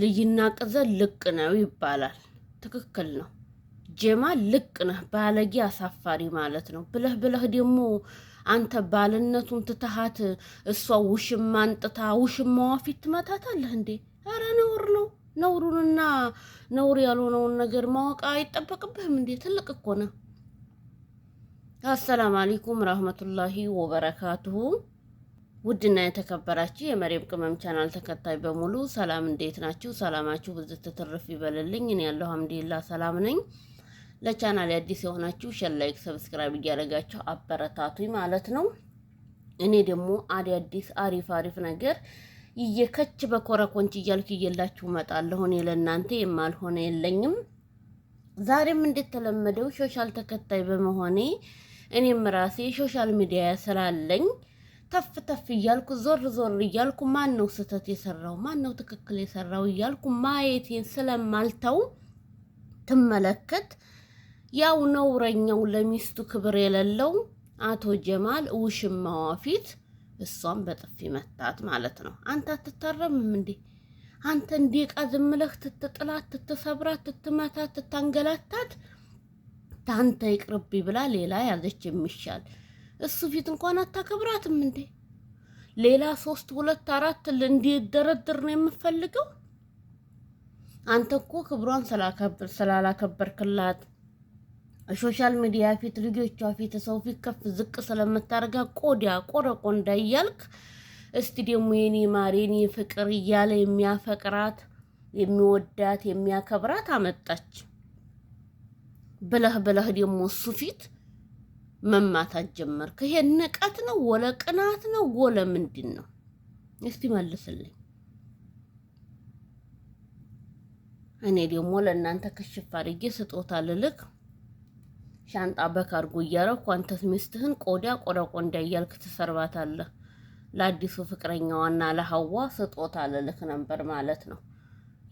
ልይና ቅዘን ልቅ ነው ይባላል። ትክክል ነው። ጀማ ልቅ ነህ፣ ባለጌ፣ አሳፋሪ ማለት ነው ብለህ ብለህ ደግሞ አንተ ባልነቱን ትተሃት እሷ ውሽማ አንጥታ ውሽማዋ ፊት ትመታታለህ እንዴ? ኧረ ነውር ነው። ነውሩንና ነውር ያልሆነውን ነገር ማወቅ አይጠበቅብህም እንዴ? ትልቅ እኮ ነህ። አሰላም አለይኩም ረህመቱላሂ ወበረካቱሁ ውድና የተከበራችሁ የመሬም ቅመም ቻናል ተከታይ በሙሉ ሰላም፣ እንዴት ናችሁ? ሰላማችሁ ብዙ ትትርፍ ይበልልኝ። እኔ ያለሁ አምዲላ ሰላም ነኝ። ለቻናል አዲስ የሆናችሁ ሸር፣ ላይክ፣ ሰብስክራይብ እያደረጋችሁ አበረታቱኝ ማለት ነው። እኔ ደግሞ አዲስ አሪፍ አሪፍ ነገር እየከች በኮረኮንች እያልኩ እየላችሁ እመጣለሁ። እኔ ለእናንተ የማልሆነ የለኝም። ዛሬም እንደተለመደው ሶሻል ተከታይ በመሆኔ እኔም ራሴ ሶሻል ሚዲያ ስላለኝ ተፍ ተፍ እያልኩ ዞር ዞር እያልኩ ማን ነው ስህተት የሰራው ማን ነው ትክክል የሰራው እያልኩ ማየቴን ስለማልተው ትመለከት ያው ነውረኛው ለሚስቱ ክብር የሌለው አቶ ጀማል ውሽማዋ ፊት እሷም በጥፊ መታት ማለት ነው። አንተ አትታረምም እንዴ? አንተ እንዲህ ዝም ብለህ ትትጥላት፣ ትትሰብራት፣ ትትመታት፣ ትታንገላታት ታንተ ይቅርብ ብላ ሌላ ያዘች የሚሻል እሱ ፊት እንኳን አታከብራትም እንዴ? ሌላ ሶስት ሁለት አራት እንዲደረድር ነው የምፈልገው። አንተ እኮ ክብሯን ስላላከበርክላት ሶሻል ሚዲያ ፊት፣ ልጆቿ ፊት፣ ሰው ፊት ከፍ ዝቅ ስለምታደርጋ ቆዳ ቆረቆ እያልክ እስቲ ደግሞ የኔ ማር የኔ ፍቅር እያለ የሚያፈቅራት የሚወዳት የሚያከብራት አመጣች ብለህ ብለህ ደግሞ እሱ ፊት መማታት ጀመርክ። ይሄ ንቀት ነው ወለ ቅናት ነው ወለ ምንድን ነው? እስቲ መልስልኝ። እኔ ደግሞ ለእናንተ ክሽፍ አድርጌ ስጦታ ልልክ ሻንጣ በካርጎ እያረኩ አንተስ ሚስትህን ቆዳ ቆዳ ቆንዳ እያልክ ትሰርባታለህ። ለአዲሱ ፍቅረኛዋና ለሀዋ ስጦታ ልልክ ነበር ማለት ነው።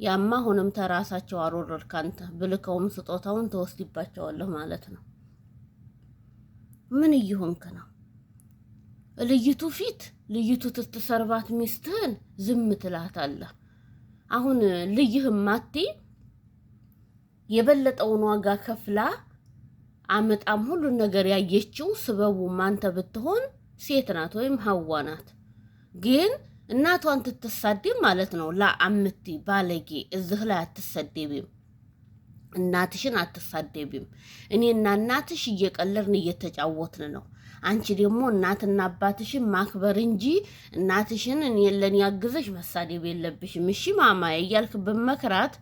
ያማ አሁንም ተራሳቸው አሮረድክ አንተ ብልከውም ስጦታውን ተወስድባቸዋለህ ማለት ነው። ምን እየሆንክ ነው? ልይቱ ፊት ልይቱ ትትሰርባት ሚስትህን ዝም ትላታለህ። አሁን ልይህም ማቴ የበለጠውን ዋጋ ከፍላ አመጣም ሁሉን ነገር ያየችው ስበቡም አንተ ብትሆን ሴት ናት ወይም ሀዋ ናት። ግን እናቷን ትትሳደብ ማለት ነው። ላ አምቲ ባለጌ እዚህ ላይ አትሰደቢም። እናትሽን አትሳደቢም። እኔና እናትሽ እየቀለርን እየተጫወትን ነው። አንቺ ደግሞ እናትና አባትሽን ማክበር እንጂ እናትሽን እኔ ለኔ ያግዘሽ መሳደብ የለብሽም። እሺ ማማ እያልክ በመክራት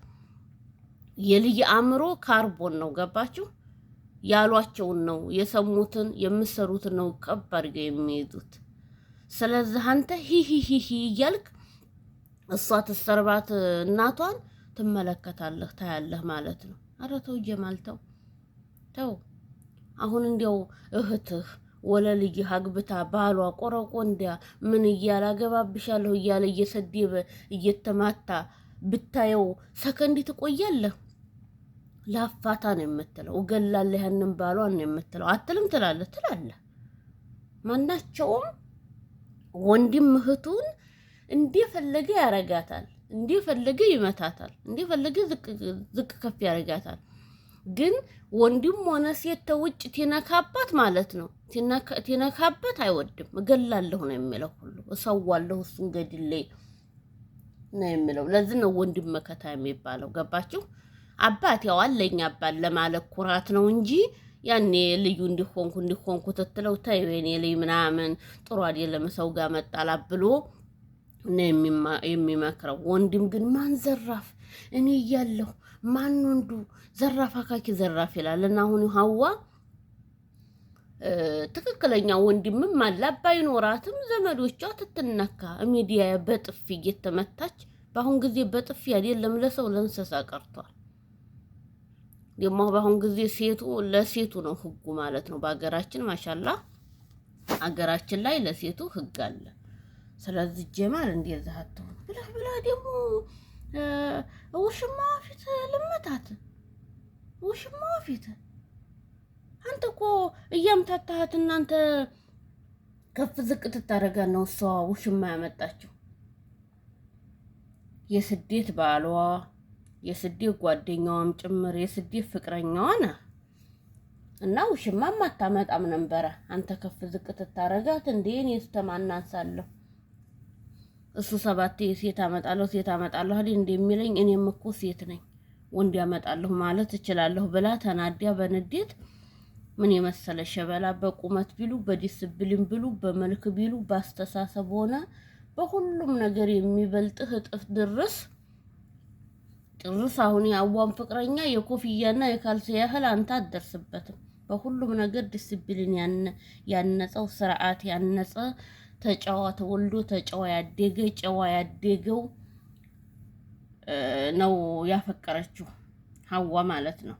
የልጅ አእምሮ ካርቦን ነው። ገባችሁ? ያሏቸውን ነው የሰሙትን፣ የምሰሩትን ነው ቀብ አድርገው የሚይዙት። ስለዚህ አንተ ሂሂሂሂ እያልክ እሷ ትሰርባት እናቷን ትመለከታለህ ታያለህ ማለት ነው። ኧረ ተው ጀማል ተው ተው። አሁን እንዲያው እህትህ ወለልጅህ አግብታ ባሏ እንዲያ ምን እያለ አገባብሻለሁ እያለ እየሰደበ እየተማታ ብታየው ሰከንድ ትቆያለህ? ላፋታ ነው የምትለው፣ እገላለሁ ያንን ባሏን ነው የምትለው። አትልም ትላለህ ትላለህ። ማናቸውም ወንድም እህቱን እንደፈለገ ያረጋታል። እንዲህ ይመታታል፣ እንዲህ ዝቅ ከፍ ያደርጋታል። ግን ወንድም ሆነ ሴት ተውጭ ቲነካባት ማለት ነው። ቲነካበት አይወድም። እገላለሁ ነው የሚለው ሁሉ እሰዋለሁ፣ እሱን ገድሌ ነው የሚለው። ለዚህ ነው ወንድም መከታ የሚባለው። ገባችሁ? አባት ያው አለኝ አባት ለማለት ኩራት ነው እንጂ ያኔ ልዩ እንዲሆንኩ እንዲሆንኩ ትትለው ተይ የኔ ልይ ምናምን ጥሩ አይደለም ሰው ጋር መጣላ ብሎ የሚመክረው። ወንድም ግን ማን ዘራፍ እኔ እያለሁ ማን ወንዱ ዘራፍ አካኪ ዘራፍ ይላል እና አሁን ሀዋ ትክክለኛ ወንድምም አለ ባይኖራትም ዘመዶቿ ትትነካ ሚዲያ በጥፊ እየተመታች በአሁን ጊዜ በጥፊ አይደለም ለሰው ለእንስሳ ቀርቷል። ደግሞ በአሁን ጊዜ ሴቱ ለሴቱ ነው ህጉ ማለት ነው። በሀገራችን ማሻላ ሀገራችን ላይ ለሴቱ ህግ አለ። ስለዚህ ጀማል እንደዚህ አትሆን ብለህ ብለህ ደግሞ ውሽማ ፊት ልመታት ውሽማ ፊት አንተ እኮ እያምታታሃት እናንተ ከፍ ዝቅ ትታደረጋ ነው እሷ ውሽማ ያመጣችው የስደት ባሏ የስደት ጓደኛዋም ጭምር የስደት ፍቅረኛዋ ነ እና ውሽማም አታመጣም ነበረ። አንተ ከፍ ዝቅ ትታረጋት እንዴ? እኔ እስተማን እሱ ሰባት ሴት አመጣለሁ ሴት አመጣለሁ አይደል እንደሚለኝ እኔም እኮ ሴት ነኝ ወንድ ያመጣለሁ ማለት እችላለሁ ብላ ተናዲያ በንዴት ምን የመሰለ ሸበላ በቁመት ቢሉ በዲስፕሊን ቢሉ በመልክ ቢሉ በአስተሳሰብ ሆነ በሁሉም ነገር የሚበልጥህ እጥፍ ድርስ ጥርስ አሁን የአዋን ፍቅረኛ የኮፍያና የካልሲ ያህል አንተ አትደርስበትም። በሁሉም ነገር ዲስፕሊን ያነጸው ስርዓት ያነጸ ተጫዋ ተወልዶ ተጫዋ ያደገ ጨዋ ያደገው ነው ያፈቀረችው ሀዋ ማለት ነው።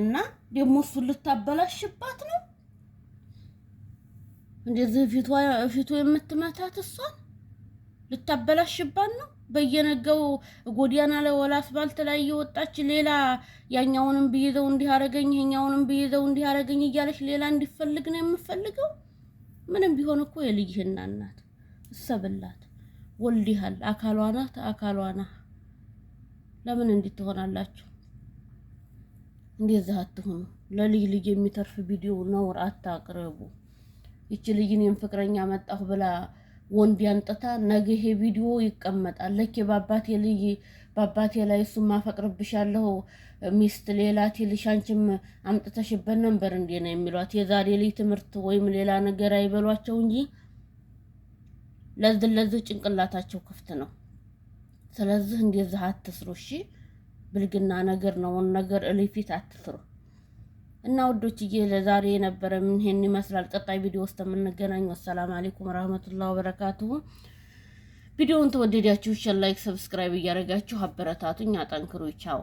እና ደግሞ እሱን ልታበላሽባት ነው እንደዚህ ፊቱ የምትመታት እሷን ልታበላሽባት ነው። በየነገው ጎዳና ላይ ወላ አስፋልት ላይ እየወጣች ሌላ ያኛውንም ብይዘው እንዲህ አረገኝ፣ ይሄኛውንም ብይዘው እንዲህ አረገኝ እያለች ሌላ እንዲፈልግ ነው የምፈልገው። ምንም ቢሆን እኮ የልጅህ እናት እሰብላት ወልዲሃል። አካሏ ናት፣ አካሏ ናት። ለምን እንዲህ ትሆናላችሁ? እንደዚህ አትሆኑ። ለልጅ ልጅ የሚተርፍ ቪዲዮ ነውር አታቅርቡ። ይቺ ልጅ እኔም ፍቅረኛ መጣሁ ብላ ወንድ ያንጥታ ነገ ይሄ ቪዲዮ ይቀመጣል። ለኬ ባባት የልጅ በአባቴ ላይ እሱ ማፈቅርብሻለሁ ሚስት ሌላ ትልሽ አንቺም አምጥተሽበት ነበር እንዴ ነው የሚሏት። የዛሬ ልጅ ትምህርት ወይም ሌላ ነገር አይበሏቸው እንጂ ለዝ ለዝ ጭንቅላታቸው ክፍት ነው። ስለዚህ እንደዚህ አትስሩ እሺ። ብልግና ነገር ነው ነገር እልፊት አትስሩ። እና ወዶችዬ ለዛሬ የነበረ ምን ይሄን ይመስላል። ቀጣይ ቪዲዮ ውስጥ የምንገናኝ። ወሰላም አለይኩም ረህመቱላህ ወበረካቱሁ። ቪዲዮውን ተወደዳችሁ ሸር፣ ላይክ፣ ሰብስክራይብ እያደረጋችሁ አበረታቱኝ። አጠንክሩ። ቻው